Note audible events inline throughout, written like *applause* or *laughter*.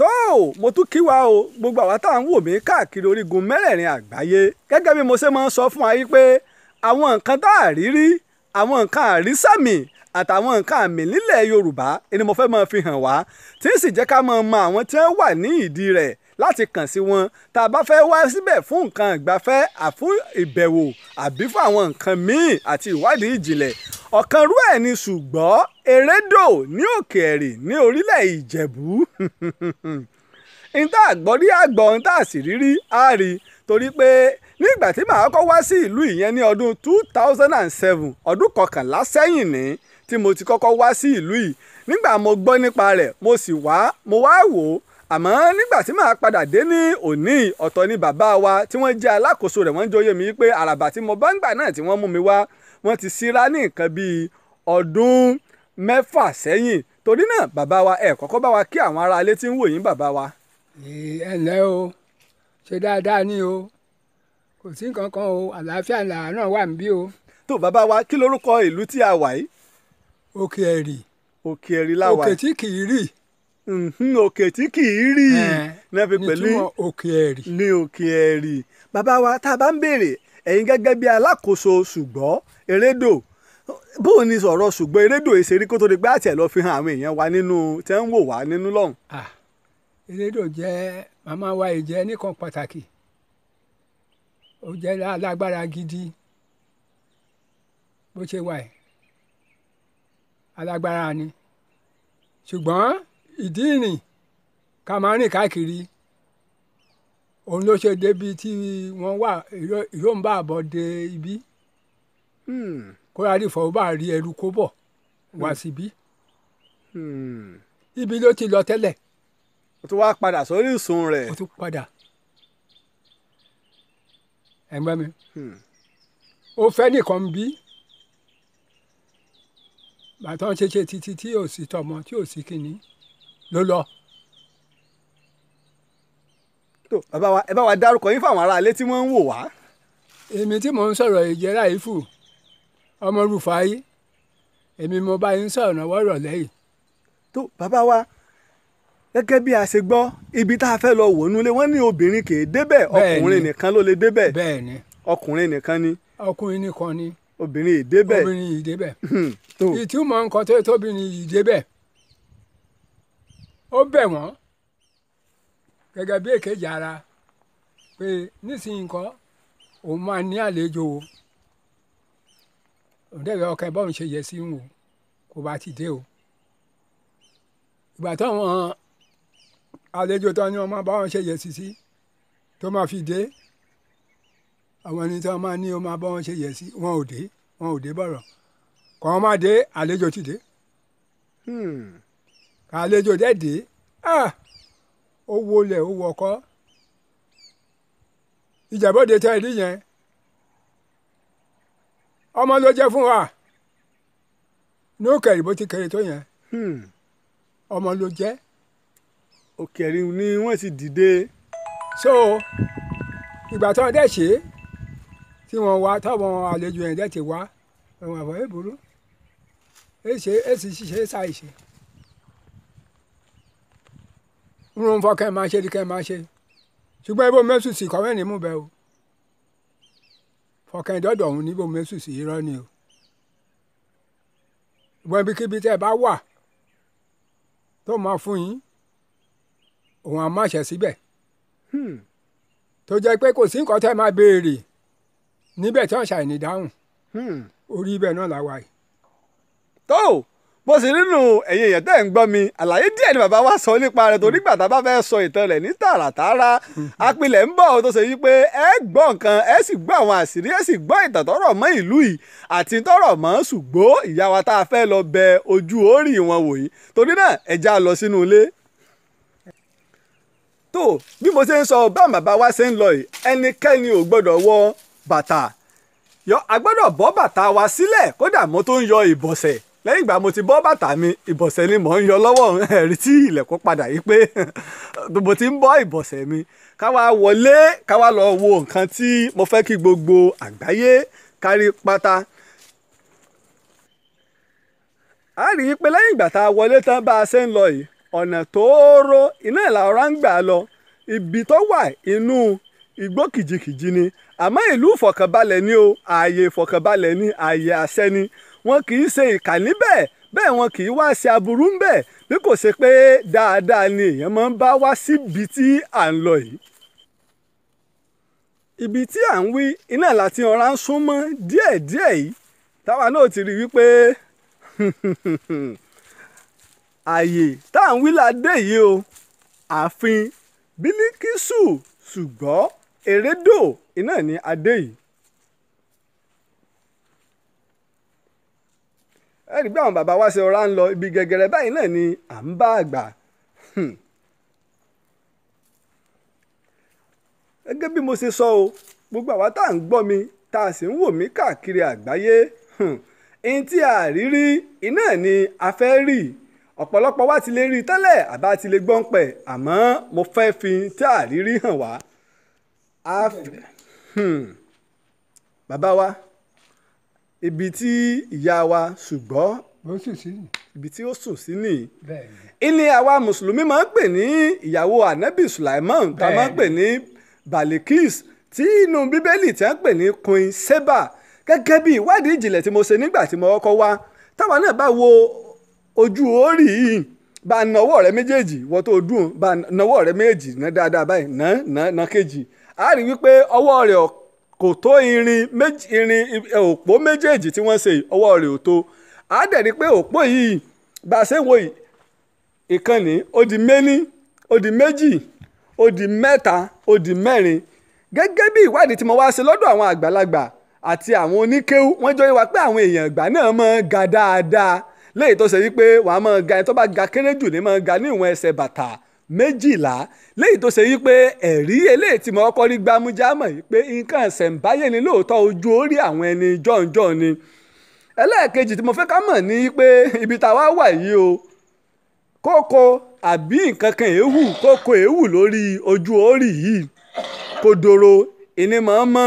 tó o mo tún kí wa o gbogbo àwa tá à ń wò mí káàkiri orígun mẹ́rẹ̀ẹ̀rin àgbáyé gẹ́gẹ́ bí mo ṣe máa ń sọ fún wa yí pé àwọn nǹkan tá à rí rí àwọn nǹkan àrísàmì àtàwọn nǹkan àmì nílẹ̀ yorùbá ni mo fẹ́ máa fi hàn wá tí ń sì jẹ́ ká máa mọ àwọn tí wọ́n wà ní ìdí rẹ̀ láti kàn sí wọn tá a bá fẹ́ wá síbẹ̀ fún nǹkan ìgbafẹ́ àfún ìbẹ̀wò àbí fún àwọn nǹkan míì àti ìwádìí ìjìnlẹ̀ ọ̀kan rú ẹ̀ ni ṣùgbọ́n erédò ní òkè ẹ̀rì ní orílẹ̀ ìjẹ̀bú *laughs* níta àgbọ̀rí àgbọ̀ níta sì rírí á rí torí pé nígbà tí màá kọ́ wá sí ìlú ìyẹn ní ọdún two thousand and seven ọdún kọkànlá sẹ́yìn ní tí mo ti kọ́kọ́ wá sí ìlú yìí nígbà mo gbọ́ nípa rẹ̀ mo sì wá mo wá wò ó àmọ́ nígbà tí màá padà dé ní òní ọ̀tọ̀ ni bàbá wa tí wọ́n jẹ́ alákòóso rẹ̀ wọ́n jóye mi pé àràbà tí mo bá ń gbà náà tí wọ́n mú mi wá wọ́n ti síra ní nǹkan bíi ọdún mẹ́fà sẹ́yìn torí náà bàbá wa ẹ̀ kọ́kọ́ bá wa kí àwọn ará ilé tí ń wò yín bàbá wa. ẹ ǹlẹ́ o ṣe dáadáa ni o kò sí nǹkan kan o àlàáfíà làárọ̀ wà níbí o. tó bàbá wa kí lorúkọ ìlú tí a wà yìí. òkè ẹ̀rì òkè ẹ̀rì láwà òkè tí kì í rì. òkè tí kì í rí i fi pẹ̀lú ní òkè ẹ̀rì bàbá wa tá a bá ń béèrè ẹ̀yin gẹ́gẹ́ bí alákòóso ṣùgbọ́n erédò bóun ni sọ̀rọ̀ ṣùgbọ́n erédò èsè rí kó tó di pé àtẹ̀ lọ fi hàn àwọn èèyàn wa nínú tẹ́ ń wò wá nínú lọ́hùn. erédò jẹ́ màmá wa ìjẹ́ nìkan pàtàkì ó jẹ́ alágbára gidi bó ṣe wà ẹ̀ alágbára ni ṣùgbọ́n ìdí ìrìn ká máa rìn káàkiri òun ló ṣe débi tí wọ́n wà ìró ń bá ibi hmm. kóra rífọ̀ ó bá rí ẹrú kó bọ̀ wá hmm. síbí hmm. ibi ló ti lọ tẹ́lẹ̀. ó tún wá padà sórí ìsun rẹ̀. ó tún padà ẹ̀gbọ́n mi ó fẹ́ nìkan bí bàtà ń ṣe ṣe títí tí ò sí tọmọ tí ò sí kínní ló lọ. tó bàbá wa ẹ bá wa dárúkọ yín fáwọn aráalé tí wọ́n ń wò wá. èmi tí mò ń sọ̀rọ̀ ìjẹ́ra ìfù ọmọ Rúfáì èmi mo bá yín sọ̀rọ̀ náà wọ́rọ̀ lẹ́yìn. tó bàbá wa gẹ́gẹ́ bí a ṣe gbọ́ ibi tá a fẹ́ lọ wò nulẹ̀ wọ́n ní obìnrin kì í débẹ̀ ọkùnrin nìkan ló lè débẹ̀ ọkùnrin nìkan ni. ọkùnrin nìkan ni. obìnrin yìí débẹ̀. obìnrin yìí débẹ̀. Hmm, ìtumọ̀ nǹkan tó tóbi ni yìí débẹ̀ ó bẹ̀ wọ́n gẹ́gẹ́ bí èkejì ara pé nísìnyí nǹkan òun máa ní àlejò o òun dẹ̀ bẹ́ ọkọ ẹ̀ bọ́ọ̀n ṣe yẹ sí wò kó bá ti dé o ìgbà táwọn àlejò tán ni wọ́n máa báwọn ṣe yẹ sí sí tó máa fi dé àwọn ẹni tí máa ní ó máa báwọn ṣe yẹ sí wọn ò dé wọn ò dé bọ̀rọ̀ kàn wọ́n máa dé àlejò ti dé. Hmm àlejò dẹ́ẹ̀dẹ́ ah, ó wọlẹ̀ ó wọkọ́ ìjàbọ̀dé tẹ́ ẹ rí yẹn ọmọ ló jẹ́ fún wa ní ó kẹrì bó ti kẹrì tó yẹn hmm. ọmọ ló jẹ́. òkèrin ni wọ́n sì dìde. so ìgbà tó ń dẹ̀ ṣe tí wọ́n wá táwọn àlejò yẹn dẹ̀ ti wá ẹ̀wọ̀n àbọ̀ èèbùrú èsì ṣiṣẹ́ ṣàìṣe. rún un fọ́ kẹ́ ẹ máa ṣe ni kẹ́ ẹ máa ṣe ṣùgbọ́n ibo mẹ́sù sí kọ́wé ní mú bẹ́ẹ̀ o fọkàn dọ́dọ̀ ọ̀hún níbo mẹ́sù sí irọ́ ni o ìgbọ́n ibikíbi tẹ́ ẹ bá wà tó máa fún yín òun á má ṣe síbẹ̀ hmm. tó jẹ́ pé kò sí nǹkan tẹ́ máa béèrè níbẹ̀ tí wọ́n ṣàìní dáhùn hmm. orí ibẹ̀ náà la yìí. tó o bó sì nínú ẹ̀yin èèyàn tẹ́ ń gbọ́ mi àlàyé díẹ̀ ni bàbá wa sọ nípa rẹ̀ torí gbàtà bá fẹ́ sọ ìtàn rẹ̀ ní tààràtààrà apilẹ̀ ń bọ̀ tó ṣe wípé ẹ gbọ́ nǹkan ẹ sì gbọ́ àwọn àṣírí ẹ sì gbọ́ ìtàn tọ́rọ̀ mọ́ ìlú yìí àti tọ́rọ̀ mọ́ ṣùgbó ìyá wa tá a fẹ́ lọ bẹ ojú orí wọn wò yìí torí náà ẹ já lọ sínú ilé. tó bí mo ṣe ń sọ bá bàbá wa ṣe ń lọ ẹnikẹ́ni ò gbọ́dọ̀ wọ bàtà yọ a bọ́ bàtà wa sílẹ̀ kódà mo tó ń yọ ìbọ̀sẹ̀ lẹ́yìn ìgbà mo ti bọ́ bàtà mi ìbọ̀sẹ̀ ni mò ń yọ lọ́wọ́ ẹ̀rí tí ilẹ̀kùn padà yìí pé *laughs* mo ti ń bọ́ ìbọ̀sẹ̀ mi ká wá wọlé ká wá lọ wo nǹkan tí mo fẹ́ kí gbogbo àgbáyé kárí pátá. a rí i pé lẹ́yìn ìgbà tá a wọlé tán bá a ṣe ń lọ yìí ọ̀nà tóóró iná ìlà ọ̀rá ń gbà lọ ibi tó wà inú igbó ni àmọ́ ìlú ìfọ̀kànbalẹ̀ ni o ààyè ìfọ̀kànbalẹ̀ ni ààyè àṣẹ ni. wọn kì í ṣe ìkà níbẹ̀ bẹ́ẹ̀ wọn kì í wá ṣe aburú ń bẹ̀ bí kò ṣe pé dáadáa ni èèyàn máa ń bá wá síbi tí à ń lọ yìí. ibi tí à ń wí iná láti ọ̀rá ń súnmọ́ díẹ̀díẹ̀ yìí táwa náà ti rí wípé *laughs* àyè tá à ń wí ládé yìí o ààfin bílíkísù ṣùgbọ́n erédò iná ní adé yìí ẹ rí i àwọn bàbá wa ṣe ọ̀rá ń lọ ibi gẹ̀gẹ̀rẹ̀ báyìí náà ni à ń bá àgbà. Hmm. gẹ́gẹ́ bí mo ṣe sọ o gbogbo àwa tá à ń gbọ́ mi tá a sì ń wò mí káàkiri àgbáyé ẹni hmm. tí a rí rí iná ni a fẹ́ rí ọ̀pọ̀lọpọ̀ wa ti lè rí i tẹ́lẹ̀ àbá ti lè gbọ́n pẹ̀ àmọ́ mo fẹ́ fi tí a rí rí hàn wá. Hmm. bàbá wa ibi tí ìyá wa ṣùgbọ́n ibi tí ó sùn sí nìyí ilé àwa mùsùlùmí máa ń pè ní ìyàwó anabi sulaiman tá a máa ń pè ní balikis tí inú bíbélì tí a ń pè ní queen seba gẹ́gẹ́ bí ìwádìí ìjìnlẹ̀ tí mo ṣe nígbà tí mo kọ́kọ́ wá táwa náà bá wo ojú orí yìí bá a nawọ́ rẹ méjèèjì wọ́n tó dùn bá a nawọ́ rẹ méjèèjì ná dáadáa báyìí ná ná ná kejì a rí wípé ọwọ́ rẹ̀ ọ̀k kò tó irin méjì irin òpó méjèèjì tí wọ́n ṣe ọwọ́ rẹ̀ ò tó á dẹ̀ rí pé òpó yìí bá a ṣe ń wo ìkànnì ó di méní ó di méjì ó di mẹ́ta ó di mẹ́rin gẹ́gẹ́ bí ìwádìí tí mo wá ṣe lọ́dọ̀ àwọn àgbàlagbà àti àwọn oníkéwú wọ́n jọ wá pé àwọn èèyàn ìgbà náà máa ga dáadáa léyìí tó ṣe wípé wàá máa ga ẹni tó bá ga kéré jù ní máa ga ní ìwọ̀n ẹsẹ̀ bàtà méjìlá léyìí tó ṣe yí pé ẹ̀rí eléyìí tí mo kọ́kọ́ rí gbámújá mọ̀ yí pé nǹkan ṣẹ̀ǹbáyé ni lóòótọ́ ojú orí àwọn ẹni jọ̀ǹjọ̀ ni ẹlẹ́ẹ̀kejì tí mo fẹ́ ká mọ̀ ni pé ibi táwa wà yìí o kókó àbí nǹkan kan èéwù kókó èéwù lórí ojú orí yìí kodoro ìní máa ń mọ́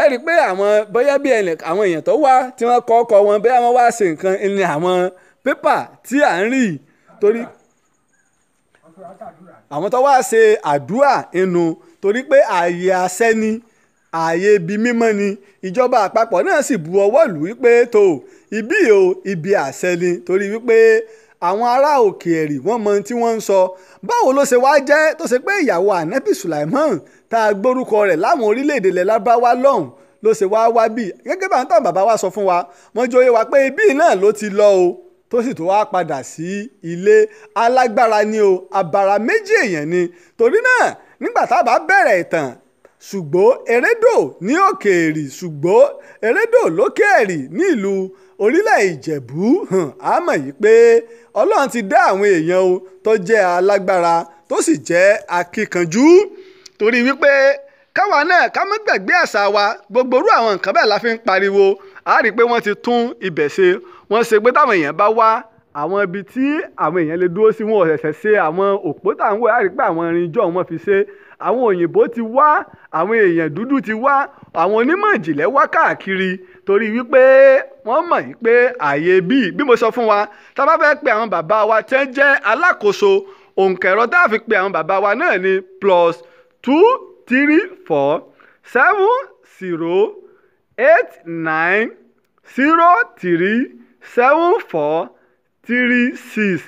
ẹ rí i pé àwọn bóyá bí ẹnì àwọn èèyàn tó wá tí wọ́n kọ́ ọkọ̀ wọn bóyá wọ́n wá ṣe nǹkan ni àwọn pépà tí à ń rí torí àwọn tó wá ṣe àdúrà inú torí pé ààyè àṣẹ ni ààyè ibi mímọ́ ni ìjọba àpapọ̀ náà sì bu ọwọ́ lù wípé tó ibi o ibi àṣẹ ni torí wípé àwọn ará òkè ẹ̀rì wọ́n mọ tí wọ́n ń sọ báwo ló ṣe wáá jẹ́ tó ṣe pé ìyàwó ànábì Sulaiman tá a gbórúkọ rẹ̀ láwọn orílẹ̀-èdè ilẹ̀ lábáwá lọ́hùn ló ṣe wáá wá bí gẹ́gẹ́ bá ń tàn bàbá wa sọ fún wa wọ́n jóye wa pé ibi náà ló ti lọ o tó sì tó wá padà sí ilé alágbára ni o abara méjì èèyàn ni torí náà nígbà tá a bá bẹ̀rẹ̀ ìtàn ṣùgbọ́n erédò ní òkèèrè ṣùgbọ́n erédò lókèèrè ní ìlú orílẹ̀ ìjẹ̀bú a mọ̀ yìí pé ọlọ́run ti dá àwọn èèyàn o tó jẹ́ alágbára tó sì jẹ́ akíkanjú torí wípé káwa náà ká má gbàgbé àṣà wa gbogbo irú àwọn nǹkan bẹ́ẹ̀ la fi ń pariwo a rí i pé wọ́n ti tún ibẹ̀ ṣe wọ́n ṣe pé táwọn èèyàn bá wá àwọn ibi tí àwọn èèyàn lè dúró sí wọn ò ṣẹ̀ṣẹ̀ ṣe àwọn òpó táwọn wò á rí pé àwọn irin ijọ́ wọn fi ṣe àwọn òyìnbó ti wá àwọn èèyàn dúdú ti wá àwọn onímọ̀ ìjìnlẹ̀ wá káàkiri torí wípé wọ́n mọ̀ wípé ààyè bíi bí mo sọ fún wa tá a bá fẹ́ pe àwọn bàbá wa tẹ́ jẹ́ alákòóso òǹkà ẹ̀rọ tá a fi pe àwọn bàbá wa náà ni plus two three four seven zero eight nine zero three seven four three six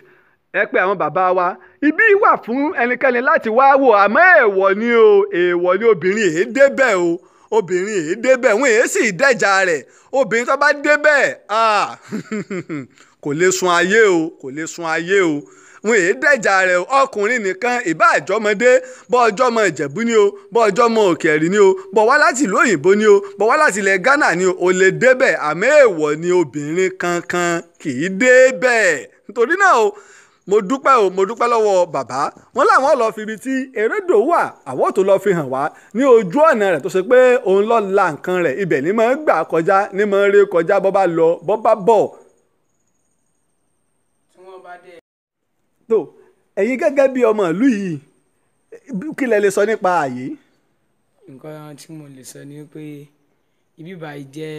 ẹ pé àwọn bàbá wa ibi wà fún ẹnikẹ́ni láti wá wò àmọ́ èèwọ̀ ni o èèwọ̀ ni obìnrin èé débẹ̀ o obìnrin èé débẹ̀ wọn èé sì dẹ̀jà rẹ̀ obìnrin tó bá débẹ̀ ah, *laughs* kò lè sun ayé o kò lè sun ayé o wọn èé dẹ̀jà rẹ̀ ọkùnrin nìkan ìbá àjọmọdé bọ́ ọjọ́mọ ìjẹ̀bú ni o bọ́ ọjọ́mọ òkèèrè ni o bọ̀ wá láti ìlú òyìnbó ni o bọ̀ wá láti ilẹ̀ Ghana ni o ò lè débẹ̀ àmọ́ èèwọ̀ ni obìnrin kankan kì í débẹ̀ nítorí náà o mo dúpẹ́ o mo dúpẹ́ lọ́wọ́ bàbá wọn làwọn lọ fi ibi tí erédò wà àwọn tó lọ fi hàn wá ní ojú ọ̀nà rẹ̀ tó ṣe pé òun lọ la nǹkan rẹ̀ ibẹ̀ ni máa ń gbà kọjá ni máa ń ré kọjá bọ́ bá lọ bọ́ bá bọ̀ tó ẹ̀yin gẹ́gẹ́ bí ọmọ ìlú yìí kí lẹ lè sọ nípa ààyè. nǹkan tí mo lè sọ ni pé ibi báyìí jẹ́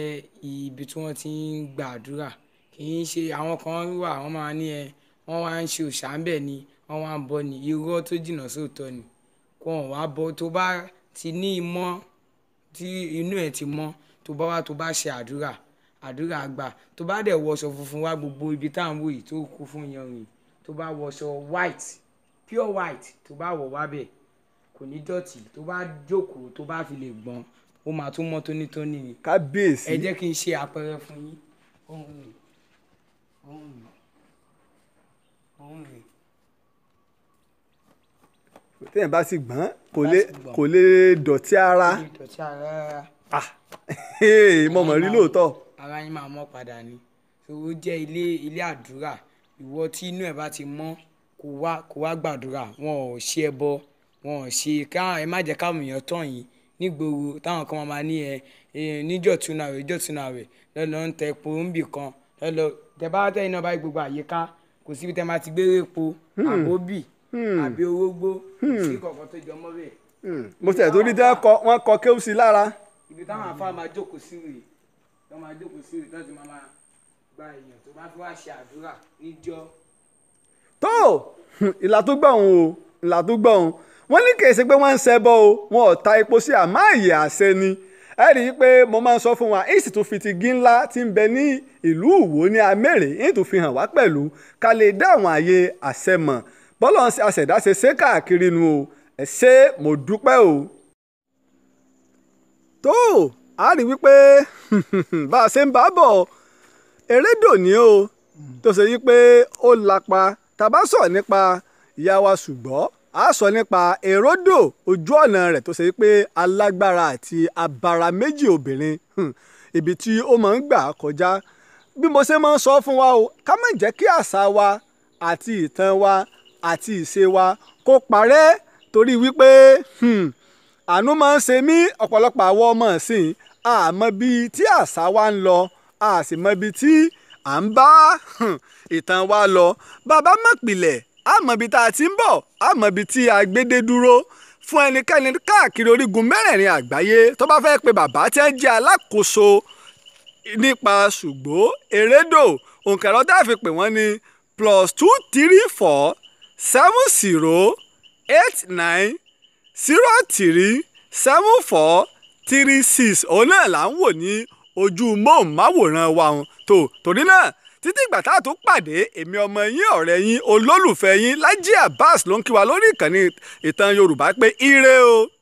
ibi tí wọ́n ti ń gbàdúrà kì í ṣe àwọn kan wà wọ́n máa ní ẹ wọ́n wá ń ṣe òṣà ń bẹ̀ ni wọ́n wá ń bọ ni irọ́ tó jìnnà sóòótọ́ ni kò wọ́n wá bọ tó bá ti ní ìmọ̀ tí inú ẹ̀ ti mọ́ tó bá wá tó bá ṣe àdúrà àdúrà àgbà tó bá dẹ̀ wọṣọ funfun wá gbogbo ibi tá wò yìí tó kú fún yanrìn tó bá wọṣọ white pure white tó bá wọ̀ wábẹ̀ kò ní dọ̀tí tó bá jókòó tó bá fi lè gbọ́n ó máa tún mọ́ tónítóní ni. kábíyèsí. ẹ jẹ́ kí n ṣe àpẹẹrẹ fún yín ohun mi ohun mi ohun mi. téèyàn bá sì gbọ́n kò lè dọ̀tí ara. ah *laughs* mo rí lóòótọ́. ara yín máa mọ́ padà ni owó jẹ́ ilé àdúrà ìwọ tí inú ẹ bá ti mọ́ kó wá kó wá gbàdúrà wọn ò ṣe ẹbọ wọn ò ṣe ká ẹ má jẹ́ káwọn èèyàn tàn yín nígboro táwọn kan máa ní ẹ níjọ̀túnà rẹ̀ jọ̀túnà rẹ̀ lọ́lọ́ ń tẹ epo ń bì kan lọ́lọ́ tẹ́bá tẹ́yìn náà báyìí gbogbo àyíká kò síbi tẹ́ máa ti gbére epo hmm. àbóbì hmm. àbí orógbó hmm. sí kọ̀ọ̀kan tó jọ mọ́ bẹ́ẹ̀. mo tẹ̀ torí tẹ́ wọ́n kọ kéwù sí lára. ibi táwọn afá máa jókòó sí rèé wọ́n máa jókòó sí rèé tó máa máa gba èèyàn tó *laughs* ìlà tó gbà òun o ìlà tó gbà òun wọ́n ní kèsì pé wọ́n ń ṣẹbọ o wọn ò ta epo sí àmọ́ àyè àṣẹ ni ẹ rí i pé mo máa ń sọ fún wa èsì tó fi ti gí ńlá ti ń bẹ ní ìlú Ìwó ní amẹ́rẹ̀ èyí tó fi hàn wá pẹ̀lú ká lè dá àwọn àyè àṣẹ mọ̀ bọ́lọ̀ ń ṣe káàkiri nu o ẹ ṣé mo dúpẹ́ o. tó a rí wípé *laughs* bá a ṣe ń bá bọ̀ erédò ni o tó ṣe yí pé ó lapa tàbá sọ̀rọ̀ nípa ìyá wa ṣùgbọ́n a sọ nípa eródò ojú ọ̀nà rẹ̀ tó ṣe yí pé alágbára àti abara méjì obìnrin hmm, ibi tí ó máa ń gbà kọjá bí mo ṣe máa ń sọ fún wa o ká má jẹ́ kí àṣà wa àti ìtàn wa àti ìṣe wa kó parẹ́ torí wípé hmm, àánú máa ń ṣe mí ọ̀pọ̀lọpọ̀ àwọn ọmọ ìsìn àmọ́ bíi tí àṣà wa ń lọ a sì mọ ibi tí à ń bá ìtàn wa lọ bàbá mọ̀pìlẹ̀ a mọ ibi tá a ti ń bọ̀ a mọ ibi tí a gbédé dúró fún ẹnikẹ́ni káàkiri orígun mẹ́rẹ̀ẹ̀rin àgbáyé tó bá fẹ́ pe bàbá tí ń jẹ́ alákòóso nípa ṣùgbọ́n erédò òǹkàrọ̀ tá a fi pè wọ́n ní plus two three four seven zero eight nine zero three seven four three six òun náà là ń wò ní ojú móhùnmáwòrán wa hàn tó torí náà títí ìgbà tá a tó pàdé èmi ọmọ yín ọ̀rẹ́ yín olólùfẹ́ yín Laji Abbas ló ń kí wa lórí ìkànnì ìtàn Yorùbá pé ire o.